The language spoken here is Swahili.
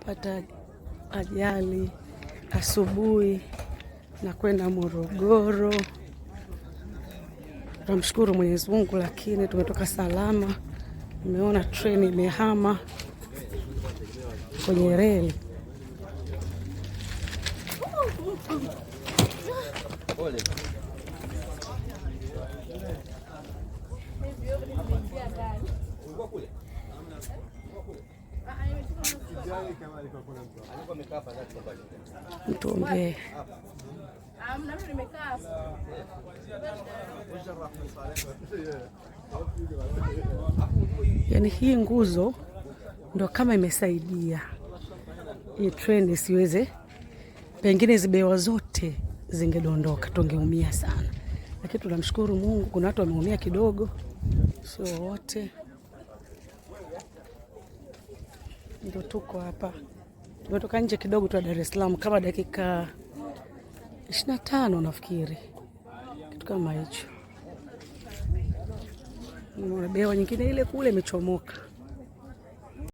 kupata ajali asubuhi na kwenda Morogoro. Tunamshukuru Mwenyezi Mungu, lakini tumetoka salama. Nimeona treni imehama kwenye reli. Mtuombee. hii nguzo ndo kama imesaidia hii treni isiweze, pengine zibewa zote zingedondoka, tungeumia sana, lakini tunamshukuru Mungu, kuna watu wameumia kidogo, sio wote. ndo tuko hapa, tumetoka nje kidogo tu ya Dar es Salaam kama dakika 25 nafikiri, kitu kama hicho. Behewa nyingine ile kule imechomoka.